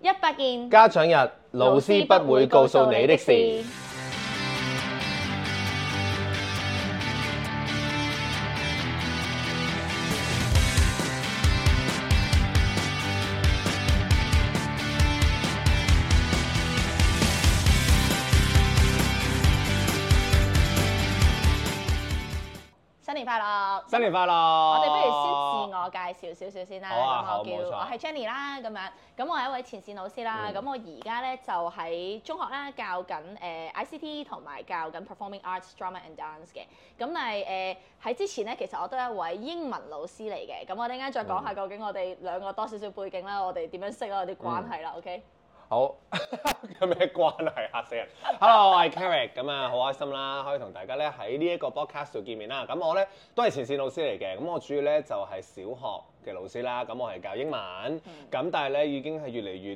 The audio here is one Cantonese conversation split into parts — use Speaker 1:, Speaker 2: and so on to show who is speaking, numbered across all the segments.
Speaker 1: 一百件
Speaker 2: 家長日，老師不會告訴你的事。新年快樂！我哋不如先自我
Speaker 1: 介紹少少先啦。好嗯、我叫錯我係 Jenny 啦，咁樣咁我係一位前線老師啦。咁、嗯、我而家咧就喺、是、中學啦，教緊誒 ICT 同埋教緊 Performing Arts Drama and Dance 嘅。咁但係誒喺之前咧，其實我都係一位英文老師嚟嘅。咁我哋陣間再講下、嗯、究竟我哋兩個多少少背景啦，我哋點樣識啊啲關係啦、嗯、，OK？
Speaker 2: 好有咩 關係啊嚇死人！Hello，我係 Keric，咁啊好開心啦，可以同大家咧喺呢一個 Podcast 度見面啦。咁我咧都係前線老師嚟嘅，咁我主要咧就係、是、小學嘅老師啦。咁我係教英文，咁、嗯、但係咧已經係越嚟越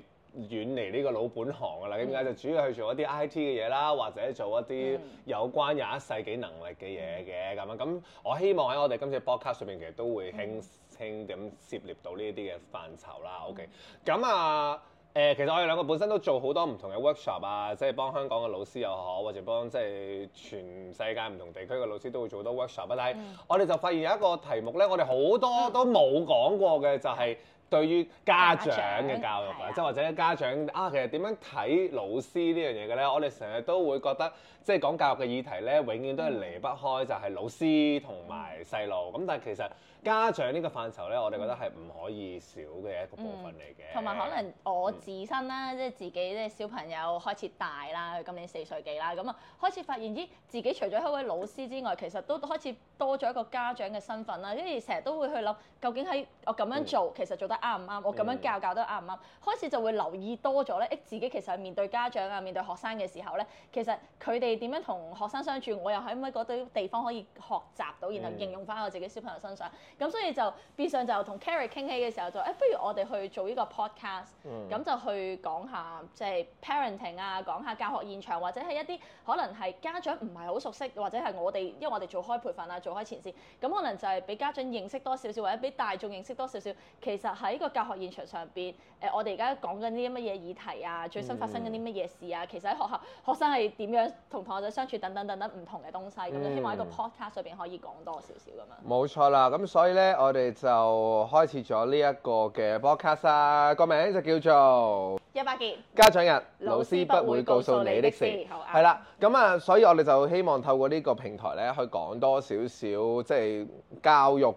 Speaker 2: 遠離呢個老本行噶啦。點解就主要去做一啲 I T 嘅嘢啦，或者做一啲有關廿一世紀能力嘅嘢嘅咁啊。咁我希望喺我哋今次 Podcast 上面，其實都會輕輕咁涉獵到呢一啲嘅範疇啦。OK，咁啊。嗯嗯嗯嗯嗯誒，其實我哋兩個本身都做好多唔同嘅 workshop 啊，即係幫香港嘅老師又好，或者幫即係全世界唔同地區嘅老師都會做好多 workshop。但係我哋就發現有一個題目呢，我哋好多都冇講過嘅，就係對於家長嘅教育啊，即係家長或者家長啊，其實點樣睇老師呢樣嘢嘅呢？我哋成日都會覺得，即係講教育嘅議題呢，永遠都係離不開就係老師同埋細路。咁但係其實。家長呢個範疇咧，我哋覺得係唔可以少嘅一個部分嚟嘅、
Speaker 1: 嗯。同埋可能我自身啦，即係、嗯、自己即係小朋友開始大啦，佢今年四歲幾啦，咁啊開始發現咦，自己除咗一位老師之外，其實都開始多咗一個家長嘅身份啦。因為成日都會去諗，究竟喺我咁樣做，嗯、其實做得啱唔啱？嗯、我咁樣教教得啱唔啱？開始就會留意多咗咧，自己其實面對家長啊，面對學生嘅時候咧，其實佢哋點樣同學生相處，我又喺唔喺嗰堆地方可以學習到，然後應用翻我自己小朋友身上。咁所以就變相就同 Keric 傾起嘅時候就誒，不如我哋去做呢個 podcast，咁、嗯、就去講下即係 parenting 啊，講下教學現場或者係一啲可能係家長唔係好熟悉，或者係我哋因為我哋做開培訓啊，做開前綫，咁可能就係俾家長認識多少少，或者俾大眾認識多少少，其實喺個教學現場上邊誒、呃、我哋而家講緊啲乜嘢議題啊，最新發生緊啲乜嘢事啊，嗯、其實喺學校學生係點樣同同學仔相處等等等等唔同嘅東西，咁、嗯、希望喺個 podcast 上邊可以講多少少咁樣，
Speaker 2: 冇錯啦，咁所以咧，我哋就開始咗呢一個嘅 podcast，個名就叫做《一
Speaker 1: 百件
Speaker 2: 家長日老師不會告訴你的事》。係啦，咁啊，所以我哋就希望透過呢個平台咧，去講多少少即係教育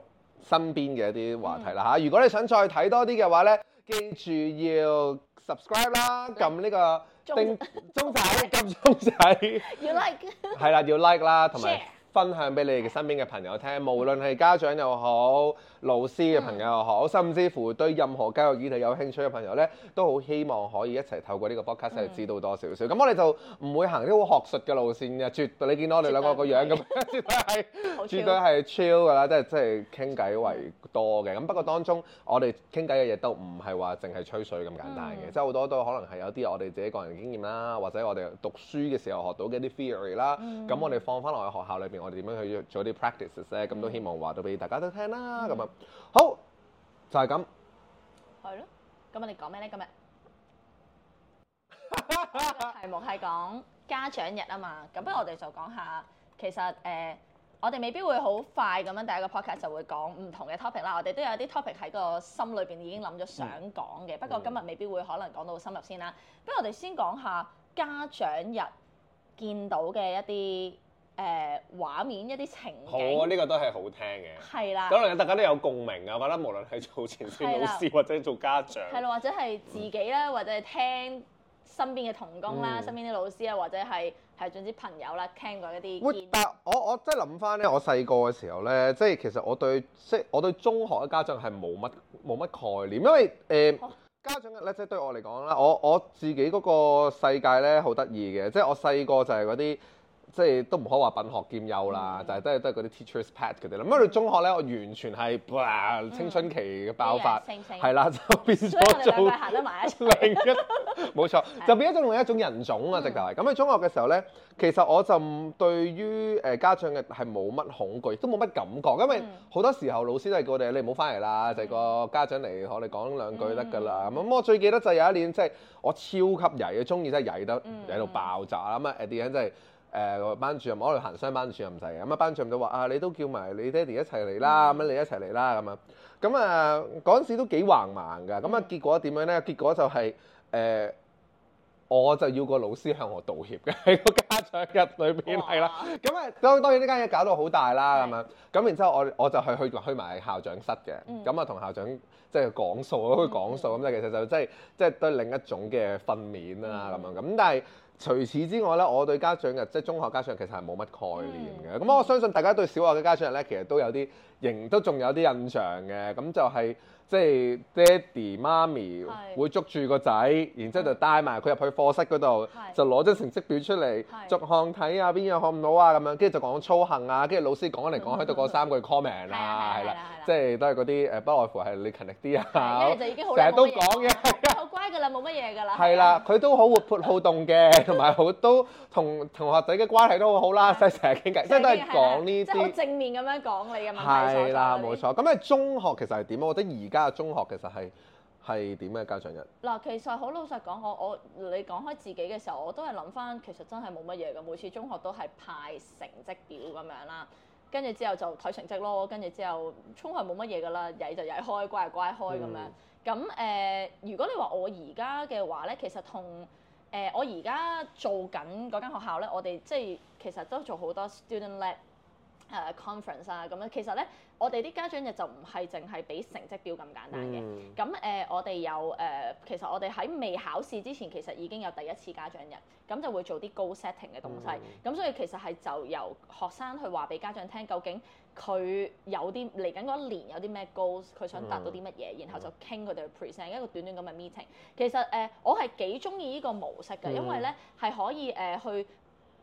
Speaker 2: 身邊嘅一啲話題啦嚇。如果你想再睇多啲嘅話咧，記住要 subscribe 啦，撳呢個
Speaker 1: 叮鐘仔，
Speaker 2: 撳鐘仔，要
Speaker 1: like
Speaker 2: 係啦，要 like 啦，同埋，分享俾你哋嘅身邊嘅朋友聽，無論係家長又好，老師嘅朋友又好，嗯、甚至乎對任何教育議題有興趣嘅朋友咧，都好希望可以一齊透過呢個 Podcast 嚟知道多少少。咁、嗯、我哋就唔會行呢個學術嘅路線嘅，絕你見到我哋兩個個樣咁，絕對係 絕對係 chill 㗎啦，即係即係傾偈為多嘅。咁不過當中、嗯、我哋傾偈嘅嘢都唔係話淨係吹水咁簡單嘅，即係好多都可能係有啲我哋自己個人經驗啦，或者我哋讀書嘅時候學到嘅啲 theory 啦、嗯，咁、嗯、我哋放翻落去學校裏邊。我哋點樣去做啲 practices 咧？咁、嗯、都希望話到俾大家都聽啦。咁啊、嗯，好就係、是、咁，係咯。
Speaker 1: 咁我哋講咩咧？今日 題目係講家長日啊嘛。咁不如我哋就講下，其實誒、呃，我哋未必會好快咁樣第一個 podcast 就會講唔同嘅 topic 啦。我哋都有啲 topic 喺個心裏邊已經諗咗想講嘅，嗯、不過今日未必會可能講到深入先啦。不如我哋先講下家長日見到嘅一啲，誒、呃、畫面一啲情景，好呢、呢個都
Speaker 2: 係好聽嘅，係啦的，可能大家都有共鳴啊！我覺得無論係做前線老師的或者做家長，係咯，
Speaker 1: 或者係自己啦，或者係聽身邊嘅同工啦，身邊啲老師啊，或者係係總之朋友啦，聽過一啲。但我我真係諗翻咧，我細
Speaker 2: 個嘅時候咧，即係其實我對即係我對中學嘅家長係冇乜冇乜概念，因為誒、呃哦、家長咧即係對我嚟講啦，我我自己嗰個世界咧好得意嘅，即、就、係、是、我細個就係嗰啲。即係都唔好話品學兼優啦，就係都係都係嗰啲 teachers pet 佢哋啦。咁我哋中學咧，我完全係哇青春期嘅爆發，係啦，就變咗做
Speaker 1: 得埋一
Speaker 2: 冇錯，就變咗做另一種人種啊！直頭係咁喺中學嘅時候咧，其實我就對於誒家長嘅係冇乜恐懼，都冇乜感覺，因為好多時候老師都係叫我哋，你唔好翻嚟啦，就係個家長嚟我哋講兩句得㗎啦。咁我最記得就有一年，即係我超級曳嘅，中意真係曳得曳到爆炸咁啊，啲人真係～誒、呃、班主任我好行雙班主任唔使嘅咁啊，班主任都話啊，你都叫埋你爹哋一齊嚟啦，咁樣、嗯、你一齊嚟啦咁啊，咁啊嗰陣時都幾橫蠻噶，咁啊結果點樣咧？結果就係、是、誒、呃、我就要個老師向我道歉嘅喺個家長日裏邊係啦，咁啊當當然呢間嘢搞到好大啦咁樣，咁是的 然之後我我就係去去埋校長室嘅，咁啊同校長即係講數咯，講數咁即其實就即係即係對另一種嘅訓練啊咁樣咁，嗯、但係。除此之外咧，我對家長嘅即係中學家長其實係冇乜概念嘅。咁、嗯、我相信大家對小學嘅家長咧，其實都有啲，仍都仲有啲印象嘅。咁就係、是。即係爹哋媽咪會捉住個仔，然之後就帶埋佢入去課室嗰度，就攞張成績表出嚟，逐項睇下邊樣學唔到啊咁樣，跟住就講操行啊，跟住老師講嚟講去都講三句 comment 啊，係啦，即係都係嗰啲誒，不外乎係你勤力啲啊，就已經好成日都講嘅，
Speaker 1: 好乖㗎啦，冇乜嘢㗎啦，係啦，
Speaker 2: 佢都好活潑好動嘅，同埋好都同同學仔嘅關係都好好啦，成日傾偈，即係都講呢啲正面咁樣
Speaker 1: 講你嘅嘛。題，係啦，
Speaker 2: 冇錯，咁啊中學其實係點？我覺得而家中學其實係係點嘅家長人？
Speaker 1: 嗱，其實好老實講，我我你講開自己嘅時候，我都係諗翻，其實真係冇乜嘢嘅。每次中學都係派成績表咁樣啦，跟住之後就睇成績咯，跟住之後中學冇乜嘢噶啦，曳就曳開，乖就乖開咁樣。咁誒、嗯呃，如果你我話我而家嘅話咧，其實同誒、呃、我而家做緊嗰間學校咧，我哋即係其實都做好多 student lab。誒、uh, conference 啊，咁樣其實咧，我哋啲家長日就唔係淨係俾成績表咁簡單嘅。咁誒、嗯呃，我哋有誒、呃，其實我哋喺未考試之前，其實已經有第一次家長日，咁就會做啲 goal setting 嘅東西。咁、嗯、所以其實係就由學生去話俾家長聽，究竟佢有啲嚟緊嗰一年有啲咩 goals，佢想達到啲乜嘢，嗯嗯、然後就傾佢哋 present 一個短短咁嘅 meeting。其實誒、呃，我係幾中意呢個模式嘅，因為咧係可以誒、呃、去。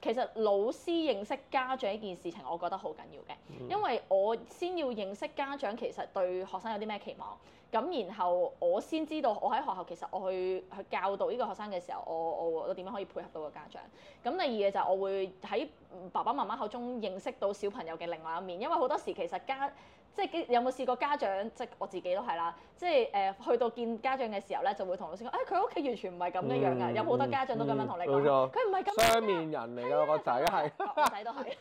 Speaker 1: 其實老師認識家長呢件事情，我覺得好緊要嘅，因為我先要認識家長，其實對學生有啲咩期望，咁然後我先知道我喺學校其實我去去教導呢個學生嘅時候，我我我點樣可以配合到個家長。咁第二嘢就係我會喺爸爸媽媽口中認識到小朋友嘅另外一面，因為好多時其實家即係有冇試過家長？即係我自己都係啦。即係誒、呃，去到見家長嘅時候咧，就會同老師講，誒、哎，佢屋企完全唔係咁嘅樣㗎。嗯、有好多家長都咁樣同你講，佢唔係咁樣。雙
Speaker 2: 面人嚟㗎，我個仔係。個仔都係。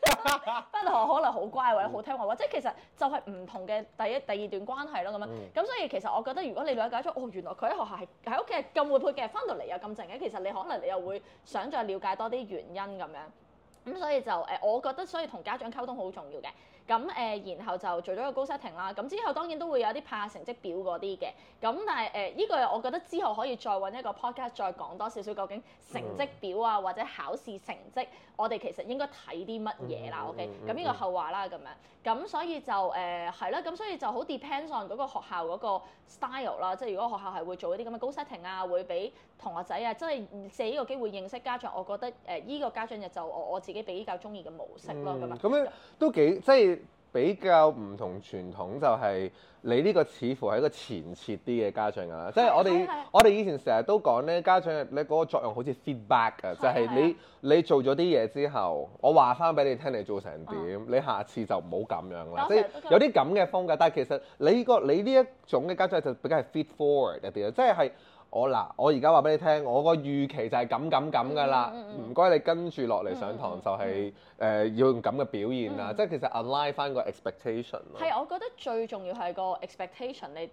Speaker 1: 翻到學 可能好乖或者好聽話，或者其實就係唔同嘅第一、第二段關係咯。咁樣咁，嗯、所以其實我覺得，如果你瞭解咗，哦，原來佢喺學校係喺屋企係咁活潑嘅，翻到嚟又咁靜嘅，其實你可能你又會想再了解多啲原因咁樣。咁所以就誒，我覺得所以同家長溝通好重要嘅。咁誒，然後就做咗個高 setting 啦。咁之後當然都會有啲派下成績表嗰啲嘅。咁但係誒，呢、呃這個我覺得之後可以再揾一個 podcast 再講多少少究竟成績表啊，嗯、或者考試成績，我哋其實應該睇啲乜嘢啦。OK，咁呢、嗯嗯、個後話啦，咁樣。咁、嗯、所以就誒係啦。咁、呃、所以就好 depends on 嗰個學校嗰個 style 啦。即係如果學校係會做一啲咁嘅高 setting 啊，會俾同學仔啊，即係借呢個機會認識家長。我覺得誒，呢、呃這個家長日就我我自己比較中意嘅模式咯。咁啊、
Speaker 2: 嗯，咁樣都幾即係。比較唔同傳統就係、是、你呢個似乎係一個前設啲嘅家長啊，即係我哋是我哋以前成日都講咧，家長你嗰個作用好似 feedback 啊是，就係你你做咗啲嘢之後，我話翻俾你聽你做成點，嗯、你下次就唔好咁樣啦。即係、嗯、有啲咁嘅風格，但係其實你、個你呢一種嘅家長就比較係 feed forward 一啲啊，即係係。我嗱，我而家話俾你聽，我個預期就係咁咁咁噶啦，唔該你跟住落嚟上堂就係、是、誒、嗯呃、要用咁嘅表現啦，嗯、即係其實 align 翻個 expectation。
Speaker 1: 咯。係，我覺得最重要係個 expectation 你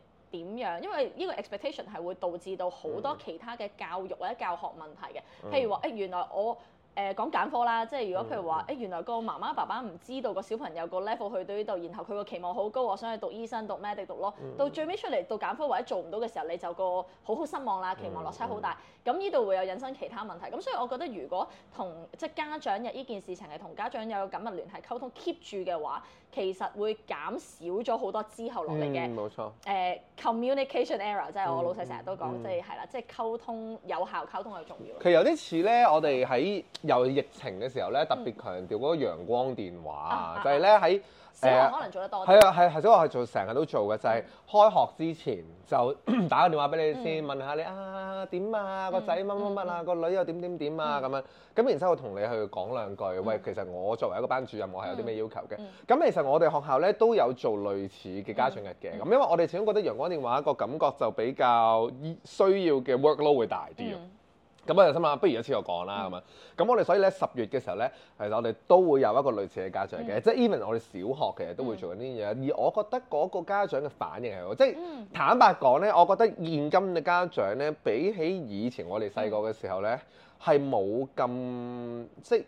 Speaker 1: 點樣，因為呢個 expectation 係會導致到好多其他嘅教育或者教學問題嘅，譬如話誒、欸、原來我。誒、呃、講揀科啦，即係如果譬如話，誒、嗯欸、原來個媽媽爸爸唔知道個小朋友個 level 去到呢度，然後佢個期望好高，我想去讀醫生、讀 medical 讀咯，嗯、到最尾出嚟到揀科或者做唔到嘅時候，你就個好好失望啦，期望落差好大，咁呢度會有引申其他問題。咁所以我覺得如果同即係家長嘅呢件事情係同家長有緊密聯繫、溝通 keep 住嘅話。其實會減少咗好多之後落嚟嘅，
Speaker 2: 冇、嗯、錯。
Speaker 1: 誒、呃、communication error，即係我老細成日都講，即係係啦，即、嗯、係、就是就是、溝通有效，溝通係重要。其
Speaker 2: 實有啲似咧，我哋喺有疫情嘅時候咧，特別強調嗰個陽光電話，嗯、就係咧喺。可能做得多啲，係啊係，小我係做成日都做嘅，就係開學之前就打個電話俾你先，問下你啊點啊，個仔乜乜乜啊，個女又點點點啊咁樣，咁然之後我同你去講兩句，喂，其實我作為一個班主任，我係有啲咩要求嘅。咁其實我哋學校咧都有做類似嘅家長日嘅，咁因為我哋始終覺得陽光電話個感覺就比較需要嘅 workload 會大啲。咁啊，使乜？不如一次過講啦，咁啊。咁、嗯、我哋所以咧，十月嘅時候咧，其實我哋都會有一個類似嘅家長嘅，嗯、即係 even 我哋小學其實都會做緊呢啲嘢。而我覺得嗰個家長嘅反應係好，嗯、即係坦白講咧，我覺得現今嘅家長咧，比起以前我哋細個嘅時候咧，係冇咁即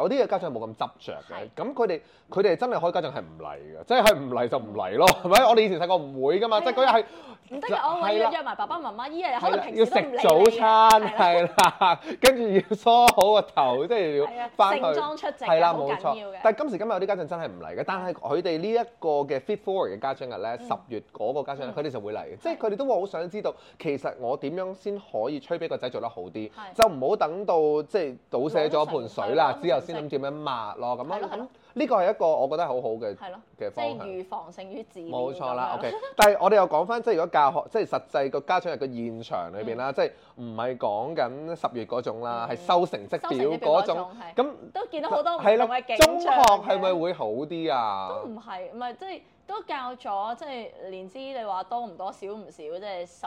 Speaker 2: 我啲嘅家長冇咁執着嘅，咁佢哋佢哋真係開家長係唔嚟嘅，即係佢唔嚟就唔嚟咯，係咪？我哋以前細個唔會㗎嘛，即係嗰日係唔得嘅，我要約
Speaker 1: 埋爸爸媽媽，依日可能平時要食早餐，係啦，
Speaker 2: 跟住要梳好個頭，即係要正裝出席。係啦，冇錯。但係今時今日有啲家長真係唔嚟嘅，但係佢哋呢一個嘅 fit four 嘅家長日咧，十月嗰個家長咧，佢哋就會嚟嘅，即係佢哋都會好想知道，其實我點樣先可以催俾個仔做得好啲，就唔好等到即係倒瀉咗一盆水啦，之後。先諗點樣抹咯。咁啊，咁呢個係一個我覺得好好嘅嘅方向，即係預
Speaker 1: 防勝於治療。冇錯啦，OK。但
Speaker 2: 係我哋又講翻，即係如果教學，即係實際個家長日個現場裏邊啦，即係唔係講緊十月嗰種啦，係收成績表嗰種。咁
Speaker 1: 都見到好多唔同嘅景象。中學係咪
Speaker 2: 會好啲啊？都
Speaker 1: 唔係唔係，即係都教咗，即係年資你話多唔多、少唔少，即係十。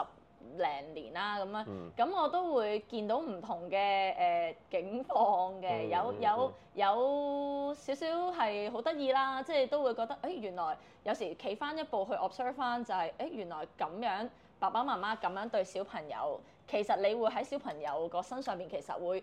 Speaker 1: 零年啦咁樣，咁、嗯、我都會見到唔同嘅誒、呃、景況嘅、嗯，有有小小有少少係好得意啦，即係都會覺得誒、欸、原來有時企翻一步去 observe 翻就係、是、誒、欸、原來咁樣爸爸媽媽咁樣對小朋友，其實你會喺小朋友個身上面其實會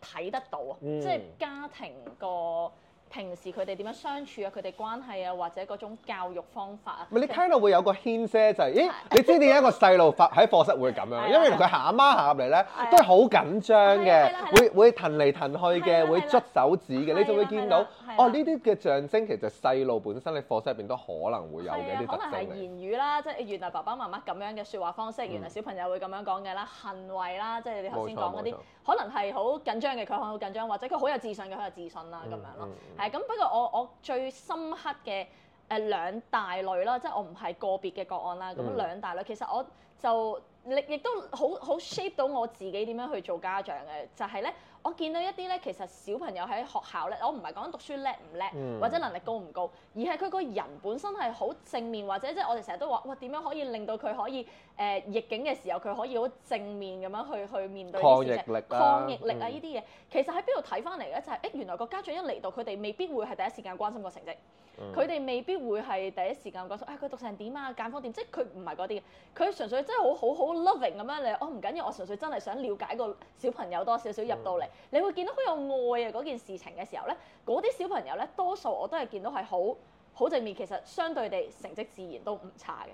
Speaker 1: 睇得到啊，嗯、即係家庭個。平時佢哋點樣相處啊？佢哋關係啊，或者嗰種教育方法啊，你聽
Speaker 2: 到會有個牽涉就係，咦？你知點解一個細路發喺課室會咁樣？因為佢行阿媽行入嚟咧，都係好緊張嘅，會會騰嚟騰去嘅，會捽手指嘅，你就會見到哦。呢啲嘅象徵其實細路本身喺課室入邊都可能會有嘅啲特徵。可能係言
Speaker 1: 語啦，即係原來爸爸媽媽咁樣嘅説話方式，原來小朋友會咁樣講嘅啦，行為啦，即係你頭先講嗰啲，可能係好緊張嘅，佢可能好緊張，或者佢好有自信嘅，佢有自信啦咁樣咯。咁不過我我最深刻嘅，誒、兩大類啦，即係我唔係個別嘅個案啦，咁兩大類其實我就亦都好好 shape 到我自己點樣去做家長嘅，就係、是、咧。我見到一啲咧，其實小朋友喺學校咧，我唔係講讀書叻唔叻，嗯、或者能力高唔高，而係佢個人本身係好正面，或者即係我哋成日都話，哇點樣可以令到佢可以誒、呃、逆境嘅時候佢可以好正面咁樣去去面對事情，抗逆力，抗逆力啊呢啲嘢，其實喺邊度睇翻嚟咧？就係、是、誒、欸、原來個家長一嚟到，佢哋未必會係第一時間關心個成績，佢哋、嗯、未必會係第一時間關心誒佢、哎、讀成點啊，健康點，即係佢唔係嗰啲嘅，佢純粹真係好好好 loving 咁樣嚟，我唔、哦、緊要，我純粹真係想了解一個小朋友多少少入到嚟。嗯你會見到好有愛啊嗰件事情嘅時候咧，嗰啲小朋友咧，多數我都係見到係好好正面，其實相對地成績自然都唔差嘅，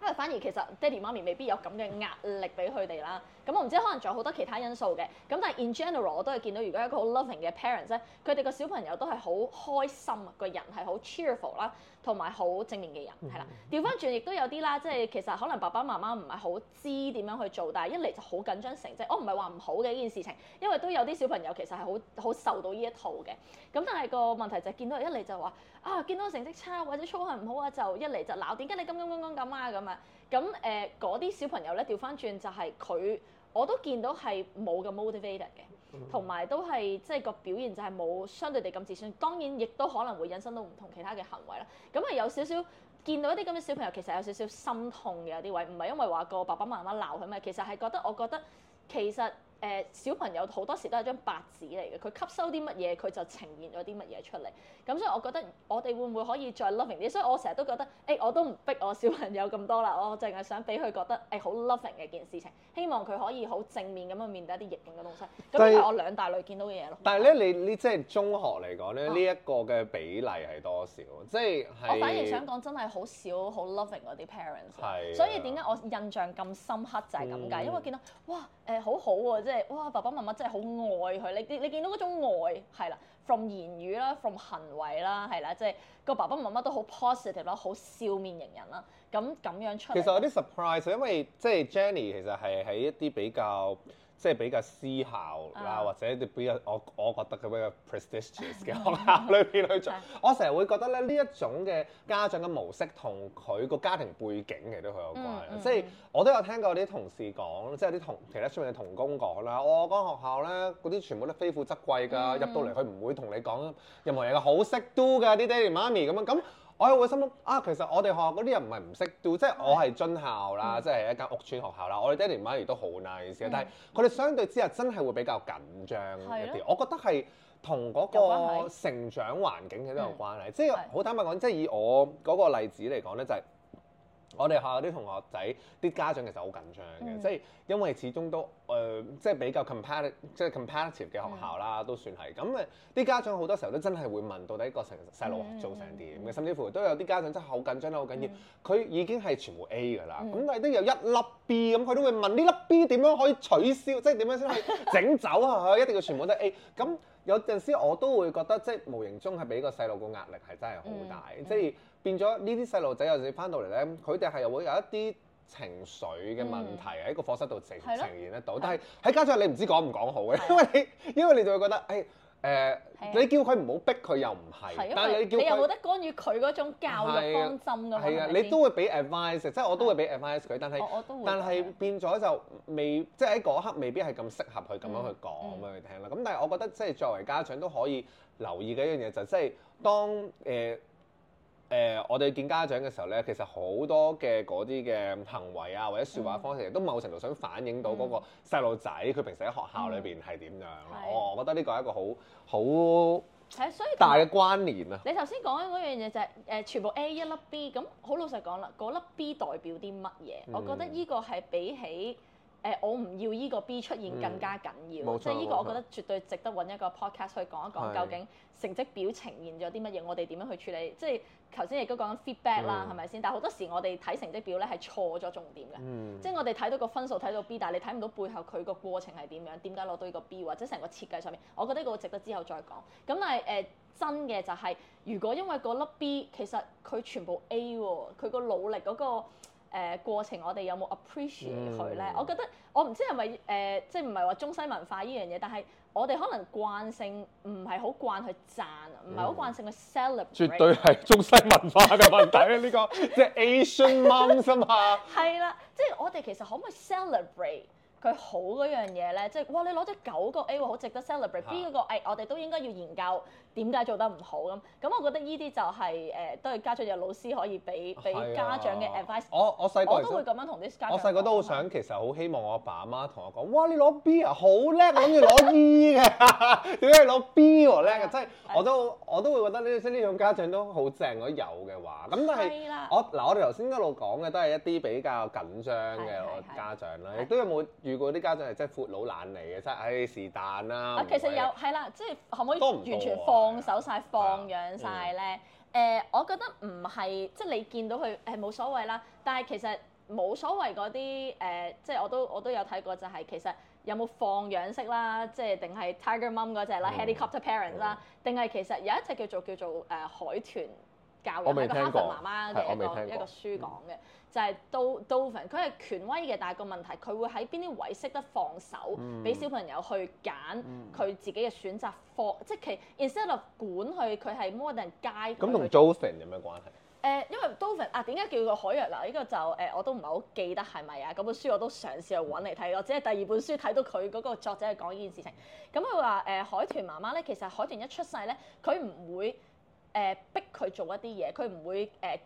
Speaker 1: 因為反而其實爹哋媽咪未必有咁嘅壓力俾佢哋啦。咁、嗯、我唔知可能仲有好多其他因素嘅，咁但係 in general 我都係見到，如果一個好 loving 嘅 parents 咧，佢哋個小朋友都係好開心啊，個人係好 cheerful 啦。同埋好正面嘅人，係啦。調翻轉亦都有啲啦，即係其實可能爸爸媽媽唔係好知點樣去做，但係一嚟就好緊張成績。我唔係話唔好嘅呢件事情，因為都有啲小朋友其實係好好受到呢一套嘅。咁但係個問題就係見到一嚟就話啊，見到成績差或者操行唔好啊，就一嚟就鬧。點解你咁咁咁咁啊咁啊？咁誒嗰啲小朋友咧，調翻轉就係佢我都見到係冇咁 motivated 嘅。同埋都係即係個表現就係冇相對地咁自信，當然亦都可能會引申到唔同其他嘅行為啦。咁啊有少少見到一啲咁嘅小朋友，其實有少少心痛嘅有啲位，唔係因為話個爸爸媽媽鬧佢咩，其實係覺得我覺得其實。誒、呃、小朋友好多時都係張白紙嚟嘅，佢吸收啲乜嘢佢就呈現咗啲乜嘢出嚟。咁所以我覺得我哋會唔會可以再 loving 啲？所以我成日都覺得誒、欸，我都唔逼我小朋友咁多啦，我淨係想俾佢覺得誒好 loving 嘅件事情，希望佢可以好正面咁去面對一啲逆境嘅東西。咁就係、是、我兩大類見到嘅嘢咯。
Speaker 2: 但係咧對，你你即係中學嚟講咧，呢一、啊、個嘅比例係多少？即、就、係、是、我反而想講
Speaker 1: 真係好少好 loving 嗰啲 parents。是的 所以點解我印象咁深刻就係咁解？嗯、因為我見到哇誒、呃、好好喎。即係哇，爸爸媽媽真係好愛佢，你你你見到嗰種愛係啦，from 言語啦，from 行為啦，係啦，即係個爸爸媽媽都好 positive 啦，好笑面迎人啦，咁咁樣出嚟。其實有
Speaker 2: 啲 surprise，因為即係 Jenny 其實係喺一啲比較。即係比較私校啦，uh, 或者啲比較我我覺得佢比較 prestigious 嘅學校裏邊去做， 我成日會覺得咧，呢一種嘅家長嘅模式同佢個家庭背景其實都好有關、嗯嗯、即係我都有聽過啲同事講，即係啲同其他出面嘅同工講啦，我、哦、嗰、那個、學校咧嗰啲全部都非富則貴㗎，入到嚟佢唔會同你講任何嘢嘅，好識 do 㗎啲爹哋媽咪咁樣咁。我又會心諗啊，其實我哋學校嗰啲人唔係唔識 do，即係我係津校啦，即係、嗯、一間屋村學校啦。我哋爹哋媽咪都好 nice 嘅，嗯、但係佢哋相對之下真係會比較緊張一啲。的我覺得係同嗰個成長環境有啲有關係。即係好坦白講，即係以我嗰個例子嚟講咧，就係、是。我哋學校啲同學仔，啲家長其實好緊張嘅，即係因為始終都誒，即係比較 competitive，即係 competitive 嘅學校啦，都算係。咁誒，啲家長好多時候都真係會問，到底個成細路做成點嘅，甚至乎都有啲家長真係好緊張得好緊要。佢已經係全部 A 㗎啦，咁但係都有一粒 B，咁佢都會問呢粒 B 點樣可以取消，即係點樣先可以整走啊？一定要全部都 A。咁有陣時我都會覺得，即係無形中係俾個細路個壓力係真係好大，即係。變咗呢啲細路仔有時翻到嚟咧，佢哋係又會有一啲情緒嘅問題喺個課室度呈呈現得到，但係喺家長你唔知講唔講好嘅，因為你因為你就會覺得誒誒，你叫佢唔好逼佢又唔係，但係你叫你又冇得
Speaker 1: 干預佢嗰種教育方針咁。係啊，你
Speaker 2: 都會俾 advice，即係我都會俾 advice 佢，但係但係變咗就未，即係喺嗰刻未必係咁適合佢咁樣去講俾佢聽啦。咁但係我覺得即係作為家長都可以留意嘅一樣嘢就即係當誒。誒、呃，我哋見家長嘅時候咧，其實好多嘅嗰啲嘅行為啊，或者説話方式，嗯、都某程度想反映到嗰個細路仔佢平時喺學校裏邊係點樣。嗯、我我覺得呢個係一個好好、嗯、
Speaker 1: 所以、大嘅
Speaker 2: 關聯啊！你
Speaker 1: 頭先講嗰樣嘢就係誒，全部 A 一粒 B，咁好老實講啦，嗰粒 B 代表啲乜嘢？嗯、我覺得呢個係比起。誒、呃，我唔要依個 B 出現更加緊要，即係呢個我覺得絕對值得揾一個 podcast 去講一講究竟成績表呈現咗啲乜嘢，是的 我哋點樣去處理？即係頭先亦都講緊 feedback 啦，係咪先？但係好多時我哋睇成績表咧係錯咗重點嘅，即係、嗯、我哋睇到個分數睇到 B，但係你睇唔到背後佢個過程係點樣，點解攞到呢個 B，或者成個設計上面，我覺得嗰個值得之後再講。咁但係誒、呃、真嘅就係、是，如果因為嗰粒 B，其實佢全部 A 喎，佢個努力嗰、那個。誒、呃、過程我哋有冇 appreciate 佢咧？Yeah. 我覺得我唔知係咪誒，即係唔係話中西文化呢樣嘢，但係我哋可能慣性唔係好慣去讚，唔係好慣性去 celebrate。絕對
Speaker 2: 係中西文化嘅問題啊！呢、 呢個即係 Asian mom 啊嘛。
Speaker 1: 係啦，即係我哋其實可唔可以 celebrate？佢好嗰樣嘢咧，即係哇！你攞咗九個 A 喎，好值得 celebrate。B 嗰個誒，我哋都應該要研究點解做得唔好咁。咁我覺得呢啲就係誒，都係家長有老師可以俾俾家長嘅 advice。我我細個都會咁樣同啲家長講，我細個
Speaker 2: 都好想，其實好希望我爸媽同我講：哇！你攞 B 啊，好叻，我諗住攞 E 嘅，點解你攞 B 喎叻嘅？即係我都我都會覺得呢呢種家長都好正。如果有嘅話，咁但係我嗱，我哋頭先一路講嘅都係一啲比較緊張嘅家長啦，亦都有冇遇？如果啲家長係真係闊佬懶理嘅，真係唉，是但啦。啊，其實有
Speaker 1: 係啦，即係可唔可以完全放手晒、多多啊、放養晒咧？誒、啊嗯呃，我覺得唔係，即係你見到佢誒冇所謂啦。但係其實冇所謂嗰啲誒，即係我都我都有睇過、就是，就係其實有冇放養式啦，即係定係 Tiger Mom 嗰隻啦，Helicopter Parents 啦，定係、嗯、其實有一隻叫做叫做誒、呃、海豚。教養一個海豚媽媽嘅一個一個書講嘅，就係、是、Dolphin 佢係權威嘅，但係個問題，佢會喺邊啲位識得放手，俾、嗯、小朋友去揀佢自己嘅選擇，放、嗯、即係其 instead 管佢，佢係 modern guide 咁同
Speaker 2: Dolphin 有咩關
Speaker 1: 係？誒，因為 Dolphin 啊，點解叫個海洋啊？呢、這個就誒，我都唔係好記得係咪啊？嗰本書我都嘗試去揾嚟睇，我只係第二本書睇到佢嗰個作者係講呢件事情。咁佢話誒海豚媽媽咧，其實海豚一出世咧，佢唔會。誒、呃、逼佢做一啲嘢，佢唔會誒、呃，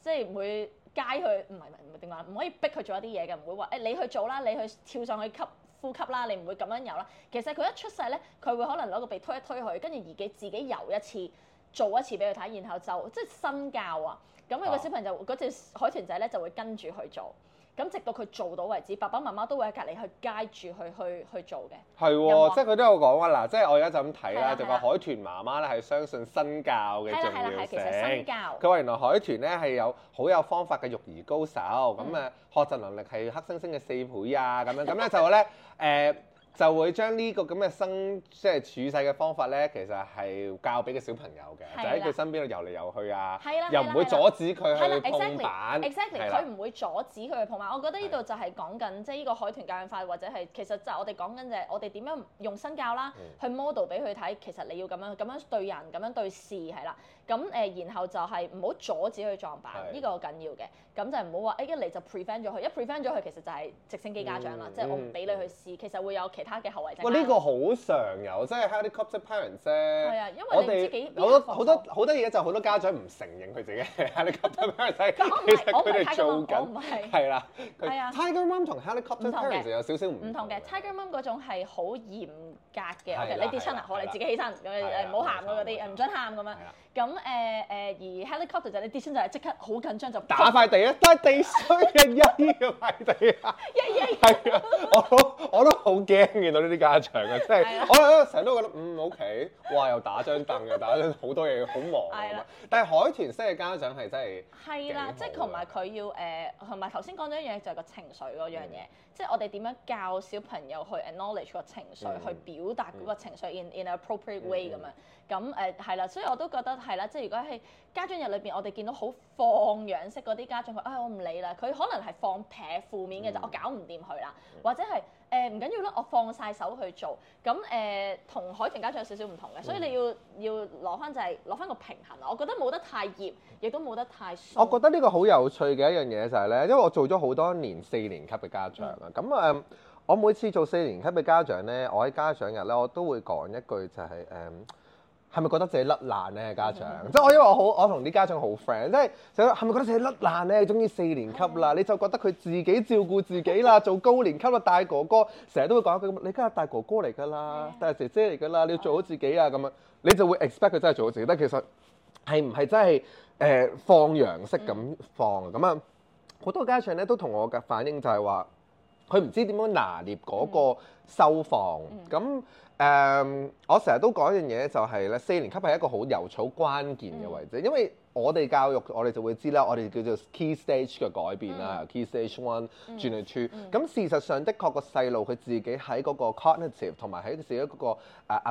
Speaker 1: 即係唔會街去，唔係唔係點講，唔可以逼佢做一啲嘢嘅，唔會話誒、欸、你去做啦，你去跳上去吸呼吸啦，你唔會咁樣游啦。其實佢一出世咧，佢會可能攞個鼻推一推佢，跟住而己自己游一次，做一次俾佢睇，然後就即係身教啊。咁、那、佢個小朋友嗰隻、哦、海豚仔咧就會跟住去做。咁直到佢做到為止，爸爸媽媽都會喺隔離去 guide 住佢去去做嘅。
Speaker 2: 係喎的，有有即係佢都有講啊嗱，即係我而家就咁睇啦。的就話海豚媽媽咧係相信身教嘅重要性啦，係其實身教。佢話原來海豚咧係有好有方法嘅育兒高手，咁啊、嗯、學習能力係黑猩猩嘅四倍啊咁樣。咁咧、嗯、就咧誒。 欸就會將呢個咁嘅生即係處世嘅方法咧，其實係教俾個小朋友嘅，的就喺佢身邊度游嚟游去啊，的又唔會阻止佢去碰板。exactly，佢、exactly，唔
Speaker 1: 的會阻止佢去碰板。我覺得呢度就係講緊即係呢個海豚教養法，或者係其實就係我哋講緊就係我哋點樣用身教啦，去 model 俾佢睇。其實你要咁樣咁樣對人，咁樣對事，係啦。咁誒，然後就係唔好阻止佢撞板，呢個好緊要嘅。咁就唔好話誒，一嚟就 prevent 咗佢，一 prevent 咗佢，其實就係直升機家長啦，即係我唔俾你去試，其實會有其他嘅後遺症。呢個
Speaker 2: 好常有，即係 helicopter parent 啫。係啊，因為你唔知幾好多好多好多嘢就好多家長唔承認佢自己 helicopter parent，其實佢哋做緊。唔係，我唔係咁忙，我唔係。係啦。係啊。
Speaker 1: Tiger mom 同 helicopter parent 其實有少少唔同嘅。唔同嘅，Tiger mom 嗰種係好嚴格嘅，你跌親啊，的好的你自己起身，咁誒唔好喊啊嗰啲，誒唔准喊咁樣。咁誒誒，的 uh, uh, 而 helicopter 就係、你跌親就係即刻好緊張就 打塊
Speaker 2: 地啊，打地衰啊，一嘢埋地啊，一嘢，係啊，我。我都好驚見到呢啲家長呀，即、就、係、是、我成日都覺得嗯 OK，哇又打張凳又打張好多嘢，好忙的，但係海豚式嘅家長係真
Speaker 1: 係係啦，即係同埋佢要誒，同埋頭先講咗一樣嘢就係個情緒嗰樣嘢，即係、嗯、我哋點樣教小朋友去 acknowledge 個情緒，嗯、去表達嗰個情緒 in in appropriate way 咁、嗯、樣。咁誒係啦，所以我都覺得係啦，即係如果係家長日裏邊，我哋見到好放養式嗰啲家長，佢唉、哎、我唔理啦，佢可能係放撇負面嘅就我搞唔掂佢啦，或者係。誒，唔緊要啦，我放晒手去做，咁誒同海豚家長有少少唔同嘅，所以你要要攞翻就係攞翻個平衡啊，我覺得冇得太嚴，亦都冇得太鬆。我覺
Speaker 2: 得呢個好有趣嘅一樣嘢就係、是、咧，因為我做咗好多年四年級嘅家長啊，咁誒、嗯呃、我每次做四年級嘅家長咧，我喺家長日咧我都會講一句就係、是、誒。呃係咪覺得自己甩爛咧？家長即係我，mm hmm. 因為我好我同啲家長好 friend，即係想係咪覺得自己甩爛咧？終於四年級啦，mm hmm. 你就覺得佢自己照顧自己啦，做高年級嘅大哥哥，成日都會講一句咁：你家下大哥哥嚟㗎啦，mm hmm. 大姐姐嚟㗎啦，你要做好自己啊！咁樣你就會 expect 佢真係做好自己，但其實係唔係真係誒、呃、放羊式咁放咁啊？好多家長咧都同我嘅反應就係話。佢唔知點樣拿捏嗰個收放，咁誒、嗯，um, 我成日都講一樣嘢，就係咧四年級係一個好油草關鍵嘅位置，嗯、因為我哋教育我哋就會知啦，我哋叫做 key stage 嘅改變啦、嗯、由 key stage one 轉去 two，咁事實上的確、個細路佢自己喺嗰個 cognitive 同埋喺自己嗰個誒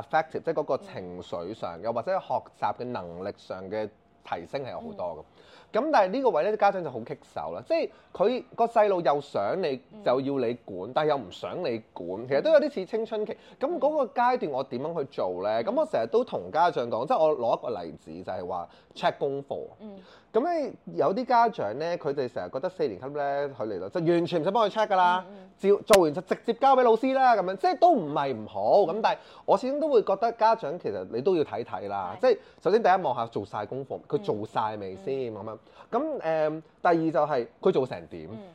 Speaker 2: affective，即係嗰個情緒上，又或者學習嘅能力上嘅提升係有好多嘅。嗯嗯咁但係呢個位咧，啲家長就好棘手啦，即係佢個細路又想你就要你管，嗯、但係又唔想你管，其實都有啲似青春期。咁嗰個階段我點樣去做呢？咁、嗯、我成日都同家長講，即係我攞一個例子就係話 check 功課。嗯咁咧有啲家長咧，佢哋成日覺得四年級咧佢嚟到就完全唔使幫佢 check 噶啦，照、嗯嗯、做完就直接交俾老師啦，咁樣即係都唔係唔好，咁、嗯、但係我始終都會覺得家長其實你都要睇睇啦，嗯、即係首先第一望下做晒功課，佢做晒未先咁樣，咁、嗯、誒第二就係、是、佢做成點。嗯嗯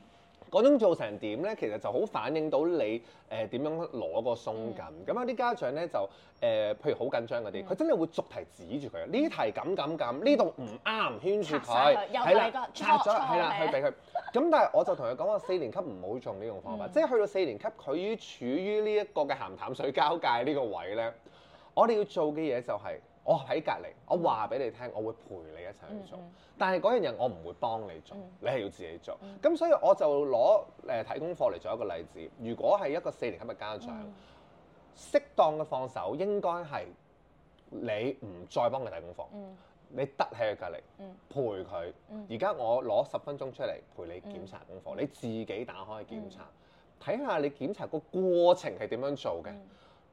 Speaker 2: 嗰種做成點咧，其實就好反映到你誒點、呃、樣攞個鬆緊。咁、嗯、有啲家長咧就誒、呃，譬如好緊張嗰啲，佢、嗯、真係會逐題指住佢，呢、嗯、題咁咁咁，呢度唔啱，圈住佢，係啦，擦咗，係啦，去俾佢。咁 但係我就同佢講話，四年級唔好用呢種方法。嗯、即係去到四年級，佢於處於呢一個嘅鹹淡水交界呢個位咧，我哋要做嘅嘢就係、是。我喺隔離，我話俾你聽，我會陪你一齊去做，但係嗰樣嘢我唔會幫你做，你係要自己做。咁所以我就攞誒睇功課嚟做一個例子。如果係一個四年級嘅家長，適當嘅放手應該係你唔再幫佢睇功課，你得喺佢隔離陪佢。而家我攞十分鐘出嚟陪你檢查功課，你自己打開檢查，睇下你檢查個過程係點樣做嘅。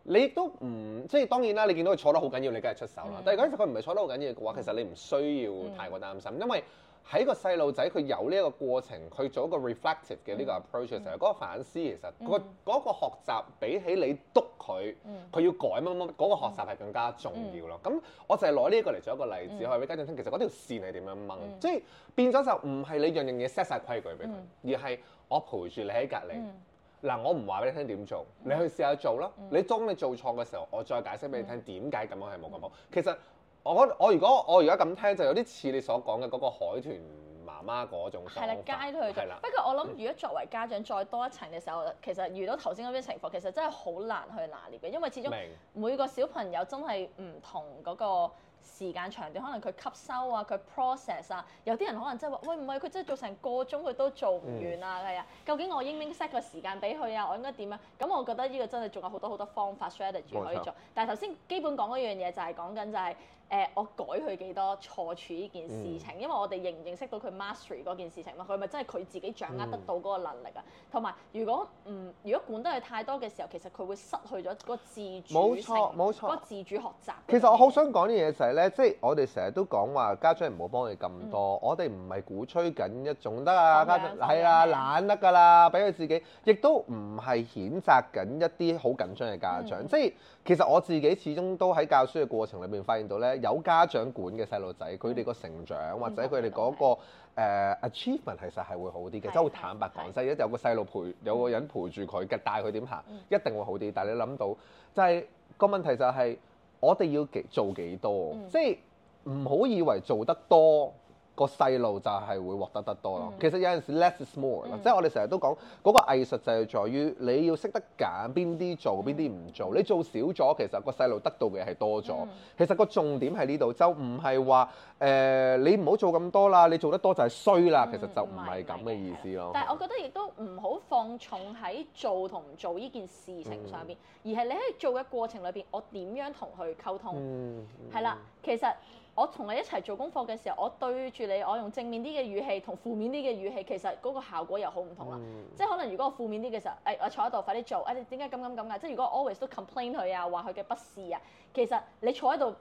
Speaker 2: 你都唔即係當然啦，你見到佢坐得好緊要，你梗係出手啦。但係嗰陣時佢唔係坐得好緊要嘅話，其實你唔需要太過擔心，因為喺個細路仔佢有呢一個過程，去做一個 reflective 嘅呢個 approach 嘅時候，嗰個反思其實嗰嗰個學習比起你督佢，佢要改乜乜嗰個學習係更加重要咯。咁我就係攞呢一個嚟做一個例子，可以俾家長聽。其實嗰條線係點樣掹？即係變咗就唔係你樣樣嘢 set 晒規矩俾佢，而係我陪住你喺隔離。嗱，我唔話俾你聽點做，你去試下做囉。嗯、你當你做錯嘅時候，我再解釋俾你聽點解咁樣係冇咁好。其實我我如果我而家咁聽，就有啲似你所講嘅嗰個海豚媽媽嗰種係啦，街都去做。係啦的。不過我諗，如果
Speaker 1: 作為家長再多一層嘅時候，嗯、其實遇到頭先嗰啲情況，其實真係好難去拿捏嘅，因為始終每個小朋友真係唔同嗰、那個。時間長短，可能佢吸收啊，佢 process 啊，有啲人可能真係話，喂唔係佢真係做成個鐘佢都做唔完啊，係啊、嗯，究竟我應唔應 set 個時間俾佢啊？我應該點啊？咁我覺得呢個真係仲有好多好多方法 strategy 可以做。冇錯，但係頭先基本講嗰樣嘢就係講緊就係誒我改佢幾多錯處呢件事情，嗯、因為我哋認唔認識到佢 mastery 嗰件事情咯，佢咪真係佢自己掌握得到嗰個能力啊？同埋、嗯、如果唔如果管得佢太多嘅時候，其實佢會失去咗嗰自主性，嗰自主學習。其
Speaker 2: 實我好想講啲嘢就係。即係我哋成日都講話家長唔好幫你咁多，嗯、我哋唔係鼓吹緊一種得啊、嗯、家長，係啦、嗯啊、懶得㗎啦，俾佢自己，亦都唔係譴責緊一啲好緊張嘅家長。嗯、即係其實我自己始終都喺教書嘅過程裏面發現到呢有家長管嘅細路仔，佢哋個成長、嗯、或者佢哋嗰個 achievement 其實係會好啲嘅。即係好坦白講、嗯、一有個細路陪，有個人陪住佢嘅帶佢點行，一定會好啲。但係你諗到，就係、是、個、就係、問題就係、是。就係我哋要幾做幾多？嗯，即係唔好以為做得多。個細路就係會獲得得多咯。其實有陣時 less is more 即係我哋成日都講嗰個藝術就係在於你要識得揀邊啲做，邊啲唔做。你做少咗，其實個細路得到嘅嘢係多咗。其實個重點喺呢度，就唔係話誒你唔好做咁多啦，你做得多就係衰啦。其實就唔係咁嘅意
Speaker 1: 思咯。但係我覺得亦都唔好放重喺做同唔做呢件事情上面，而係你喺做嘅過程裏邊，我點樣同佢溝通？嗯，係啦，其實。我同你一齊做功課嘅時候，我對住你，我用正面啲嘅語氣同負面啲嘅語氣，其實嗰個效果又好唔同啦。嗯、即係可能如果我負面啲嘅時候，誒、哎、我坐喺度快啲做，誒、哎、你點解咁咁咁㗎？即係如果 always 都 complain 佢啊，話佢嘅不是啊，其實你坐喺度。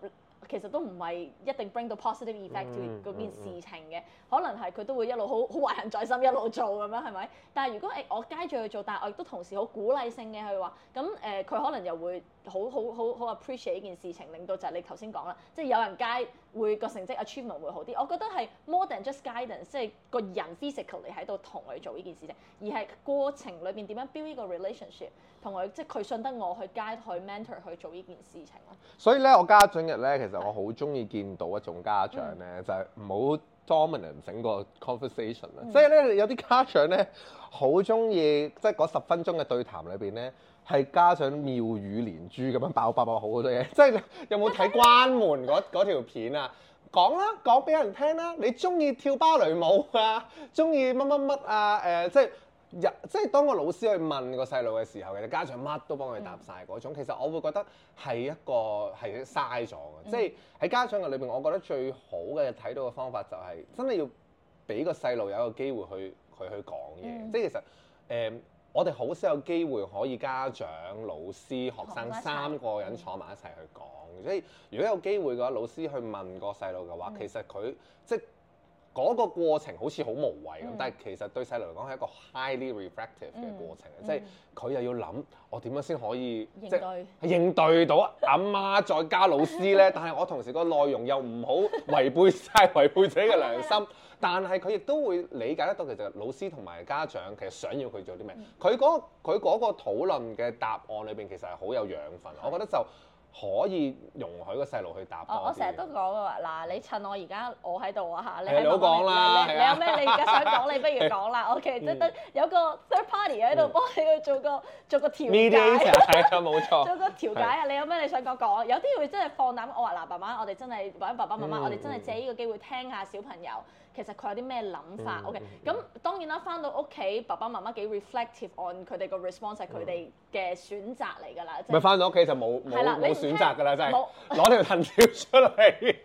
Speaker 1: 其實都唔係一定 bring 到 positive effect to 嗰件事情嘅，嗯嗯、可能係佢都會一路好好懷恨在心一路做咁樣，係咪？但係如果誒，我街住去做，但係我亦都同時好鼓勵性嘅去話，咁誒佢可能又會好好好好 appreciate 呢件事情，令到就係你頭先講啦，即係有人街。會個成績 achievement 會好啲，我覺得係 more than just guidance，即係個人 physically 喺度同佢做呢件事情，而係過程裏邊點樣 build 呢個 relationship，同佢即係佢信得我去 guide 去 mentor 去做呢件事情咯。
Speaker 2: 所以咧，我家長日咧，其實我好中意見到一種家長咧，嗯、就係唔好。Dominant 整個 conversation 啊、嗯，即係咧，有啲家長咧好中意，即係嗰十分鐘嘅對談裏邊咧，係加上妙語連珠咁樣爆爆爆好多嘢。即係有冇睇《關門》嗰條片啊？講啦，講俾人聽啦。你中意跳芭蕾舞啊？中意乜乜乜啊？誒、呃，即係。Yeah, 即係當個老師去問個細路嘅時候，其實家長，乜都幫佢答晒嗰、嗯、種，其實我會覺得係一個係嘥咗嘅。嗯、即係喺家長嘅裏面，我覺得最好嘅睇到嘅方法就係真係要俾個細路有一個機會去佢去講嘢。嗯、即係其實誒、呃，我哋好少有機會可以家長、老師、學生三個人坐埋一齊去講。所以、嗯、如果有機會嘅話，老師去問個細路嘅話，嗯、其實佢即嗰個過程好似好無謂咁，嗯、但係其實對細路嚟講係一個 highly reflective 嘅過程，嗯嗯、即係佢又要諗我點樣先可以認對即對應對到阿媽，媽再加老師呢？ 但係我同時個內容又唔好違背晒違背者嘅良心， 但係佢亦都會理解得到其實老師同埋家長其實想要佢做啲咩，佢嗰佢嗰個討論嘅答案裏邊其實係好有養分，了我覺得就。可以容許個細路去答我。我成日都
Speaker 1: 講話，嗱，你趁我而家我喺度啊嚇，你唔好講啦。你有咩你而家想講，你不如講啦。OK，即得，有個 third party 喺度幫你去做個做個調解。係啊，冇錯，
Speaker 2: 做個調解啊！你
Speaker 1: 有咩你想講講？有啲會真係放膽，我話嗱，爸爸我哋真係或者爸爸媽媽，我哋真係借呢個機會聽下小朋友。其實佢有啲咩諗法、嗯嗯？OK，咁當然啦，翻到屋企，爸爸媽媽幾 reflective on 佢哋個 response 係佢哋嘅選擇嚟㗎啦。
Speaker 2: 咪翻到屋企就冇冇冇選擇㗎啦，真係攞條藤條出嚟。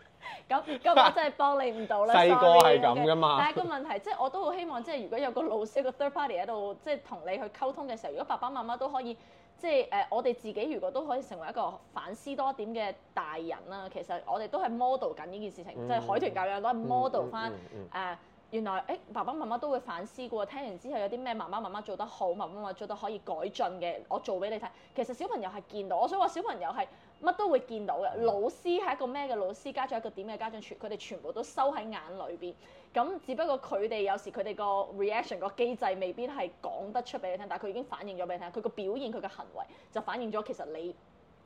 Speaker 1: 咁咁 我真係幫你唔到啦。細個係咁㗎嘛。Okay, 但係個問題即係、就是、我都好希望，即係如果有個老師個 third party 喺度，即係同你去溝通嘅時候，如果爸爸媽媽都可以。即係誒、呃，我哋自己如果都可以成為一個反思多點嘅大人啦，其實我哋都係 model 緊呢件事情，即係海豚教養都係 model 翻誒。嗯嗯嗯嗯嗯。原來誒，爸爸媽媽都會反思過。聽完之後有啲咩，媽媽媽媽做得好，媽媽媽媽做得可以改進嘅，我做俾你睇。其實小朋友係見到，我想話小朋友係乜都會見到嘅。嗯、老師係一個咩嘅老師，家長一個點嘅家長，佢哋全部都收喺眼裏邊。咁只不過佢哋有時佢哋個 reaction 個機制未必係講得出俾你聽，但係佢已經反映咗俾你聽。佢個表現，佢嘅行為就反映咗其實你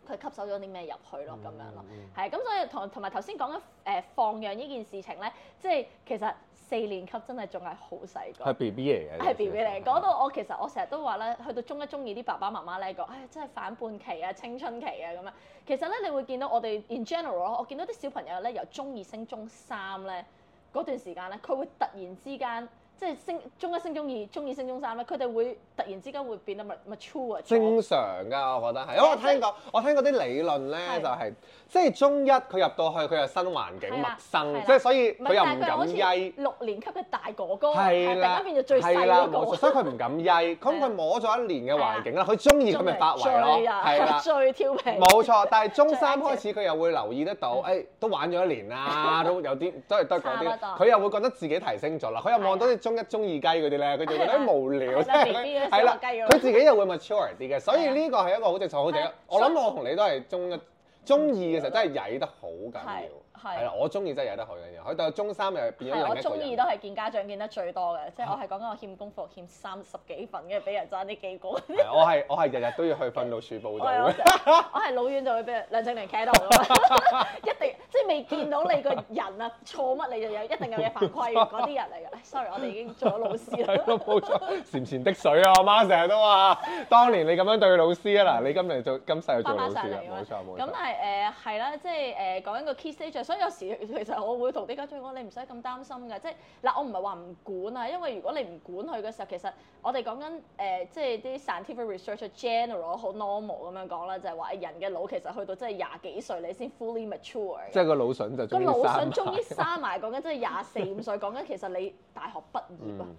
Speaker 1: 佢吸收咗啲咩入去咯，咁、嗯、樣咯係咁。所以同同埋頭先講緊誒放養呢件事情咧，即係其實。四年級真係仲係好細個，係 B
Speaker 2: B 嚟嘅，係 B B 嚟。
Speaker 1: 講到我其實我成日都話咧，去到中一中二啲爸爸媽媽咧講，哎真係反叛期啊、青春期啊咁樣。其實咧你會見到我哋 in general 我見到啲小朋友咧由中二升中三咧嗰段時間咧，佢會突然之間。即係升中一升中二，中二升中三咧，佢哋會突然之間會變得咪咪 mature
Speaker 2: 正常㗎，我覺得係，因為我聽過，我聽過啲理論咧就係，即係中一佢入到去佢係新環境陌生，即係所以佢又唔敢曳。
Speaker 1: 六年級嘅大哥哥，係啦，變咗最細個，冇錯，所以佢
Speaker 2: 唔敢曳。咁佢摸咗一年嘅環境啦，佢中意咁咪發圍咯，係啦，最
Speaker 1: 調皮。冇
Speaker 2: 錯，但係中三開始佢又會留意得到，誒都玩咗一年啦，都有啲都係得嗰啲，佢又會覺得自己提升咗啦，佢又望到啲中一、中二雞嗰啲咧，佢就覺得無聊，係啦，佢自己又會 mature 啲嘅，所以呢個係一個好正確、好正。我諗我同你都係中一、中二嘅時候，真係曳得好緊要，係啦，我中二真係曳得好緊要。佢到中三又變咗另一個。係，我中二
Speaker 1: 都係見家長見得最多嘅，即係我係講緊我欠功課欠三十幾份嘅，俾人爭啲幾個。
Speaker 2: 我係我係日日都要去訓導處報到，
Speaker 1: 我係老遠就會俾梁靜玲企喺度㗎嘛，一定。即係未見到你個人啊，錯乜你就有一定有嘢犯規嗰啲人嚟嘅。哎、sorry，我哋已經做咗
Speaker 2: 老師啦。 都冇錯，簷前滴水啊，我媽成日都話，當年你咁樣對老師啊，嗱，你今日做今世又做老師啊，冇錯冇錯。咁係，
Speaker 1: 誒係啦，即係誒講緊個 key stage，所以有時其實我會同啲家長講，你唔使咁擔心㗎。即係嗱，我唔係話唔管啊，因為如果你唔管佢嘅時候，其實我哋講緊誒即係啲 scientific research general 好 normal 咁樣講啦，就係、是、話人嘅腦其實去到真係廿幾歲你先 fully mature。
Speaker 2: 個腦筍就個腦筍，終於生
Speaker 1: 埋。講緊 即係廿四五歲，講緊其實你大學畢業啊、嗯、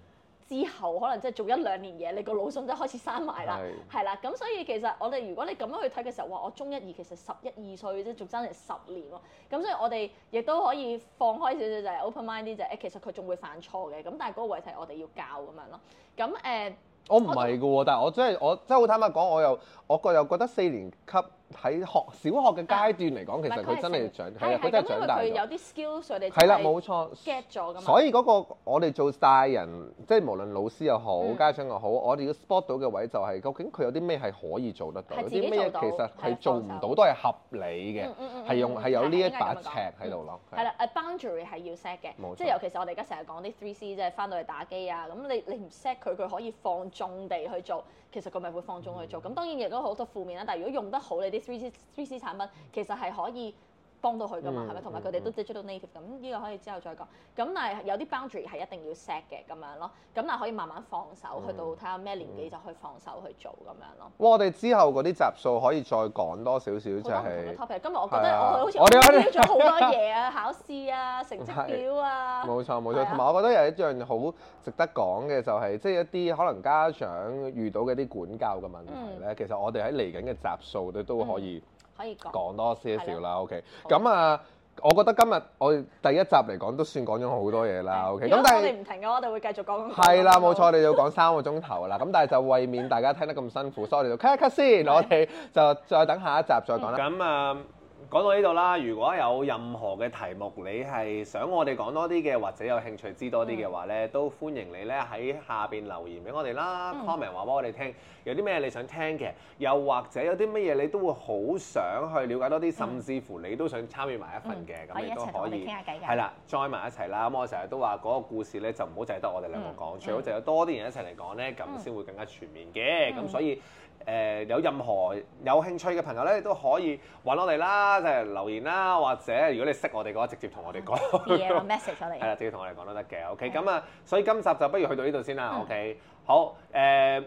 Speaker 1: 之後，可能即係做一兩年嘢，你個腦筍就開始生埋啦，係啦是。咁所以其實我哋如果你咁樣去睇嘅時候，話我中一二其實十一二歲，即係，仲爭成十年喎。咁所以我哋亦都可以放開少少就係 open mind 啲就係，其實佢仲會犯錯嘅。咁但係嗰個位係我哋要教咁樣咯。咁誒，我
Speaker 2: 唔係㗎喎，但係我真係我真係好坦白講，我又。我個又覺得四年級喺學小學嘅階段嚟講，其實佢真係長，係啊，佢真係長大，佢有
Speaker 1: 啲 skills，我哋係啦，冇錯 get 咗。所以
Speaker 2: 嗰個我哋做大人，即係無論老師又好，家長又好，我哋要 spot 到嘅位就係究竟佢有啲咩係可以做得到，有啲咩其實佢做唔到都係合理嘅，係用係有呢一把尺喺度咯。係啦
Speaker 1: ，a boundary 係要 set 嘅，即係尤其是我哋而家成日講啲 three C，即係翻到去打機啊，咁你你唔 set 佢，佢可以放縱地去做。其實佢咪會放縱去做，咁當然亦都好多負面啦。但係如果用得好，你啲 3C 3C 產品，其實係可以。幫到佢噶嘛，係咪？同埋佢哋都 Digital Native，咁，呢個可以之後再講。咁但係有啲 boundary 係一定要 set 嘅咁樣咯。咁但係可以慢慢放手，去到睇下咩年紀就可以放手去做咁樣
Speaker 2: 咯。哇！我哋之後嗰啲集數可以再講多少少，就係 topic。今日我覺得我好似我哋我哋做咗好多嘢啊，考
Speaker 1: 試啊，成績表啊。冇
Speaker 2: 錯冇錯，同埋我覺得有一樣好值得講嘅就係，即係一啲可能家長遇到嘅啲管教嘅問題咧，其實我哋喺嚟緊嘅集數都都可以。講多少少啦，OK。咁啊，我覺得今日我第一集嚟講都算講咗好多嘢啦，OK。咁但係我哋唔
Speaker 1: 停嘅，我哋會繼續講。係啦，冇錯，你
Speaker 2: 要講三個鐘頭啦。咁但係就為免大家聽得咁辛苦，所以我哋就 cut 一 cut 先，我哋就再等下一集再講啦。咁啊。講到呢度啦，如果有任何嘅題目，你係想我哋講多啲嘅，或者有興趣知多啲嘅話呢，嗯、都歡迎你呢喺下邊留言俾我哋啦，comment 話俾我哋聽，有啲咩你想聽嘅，又或者有啲乜嘢你都會好想去了解多啲，甚至乎你都想參與埋一份嘅，咁、嗯、你都可以，係啦 join 埋一齊啦。咁我成日都話嗰個故事呢，就唔好淨係得我哋兩個講，嗯、最好就有多啲人一齊嚟講呢，咁先會更加全面嘅。咁、嗯、所以誒、呃，有任何有興趣嘅朋友呢，都可以揾我哋啦。即係留言啦，或者如果你識我哋嘅話，直接同我哋講。私
Speaker 1: 嘢 message 我哋。係啦，
Speaker 2: 直接同我哋講都得嘅。OK，咁啊，所以今集就不如去到呢度先啦。OK，好誒，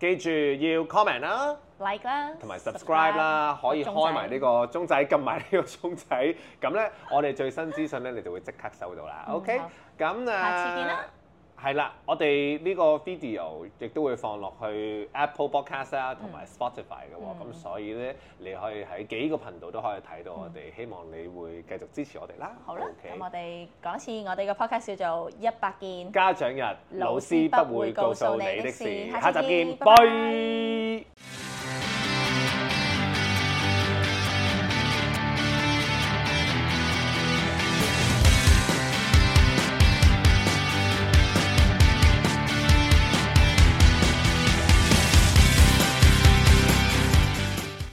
Speaker 2: 記住要 comment 啦
Speaker 1: ，like 啦，同
Speaker 2: 埋 subscribe 啦，可以開埋呢個鐘仔，撳埋呢個鐘仔。咁咧，我哋最新資訊咧，你就會即刻收到啦。OK，咁啊，下次見啦。係啦，我哋呢個 video 亦都會放落去 Apple Podcast 啊、嗯，同埋 Spotify 嘅喎，咁、嗯、所以呢，你可以喺幾個頻道都可以睇到我哋，嗯、希望你會繼續支持我哋啦。好啦吧，咁 Okay? 我
Speaker 1: 哋講一次我哋嘅 podcast 叫做一百件
Speaker 2: 家長日，老師，老師不會告訴你的事，的事，下集見，拜見，拜、拜。